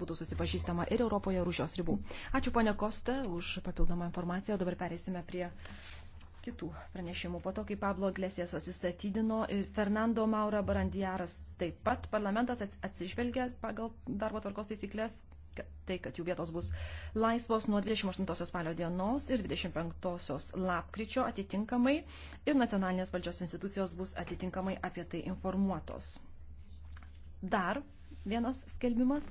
būtų susipažįstama ir Europoje, ir už jos ribų. Ačiū ponė Kosta už papildomą informaciją, o dabar pereisime prie kitų pranešimų. Po to, kai Pablo Iglesias atsistatydino ir Fernando Maura Barandiaras taip pat, parlamentas atsižvelgia pagal darbo tvarkos taisyklės, tai, kad jų vietos bus laisvos nuo 28 spalio dienos ir 25 lapkričio atitinkamai ir nacionalinės valdžios institucijos bus atitinkamai apie tai informuotos. Dar vienas skelbimas.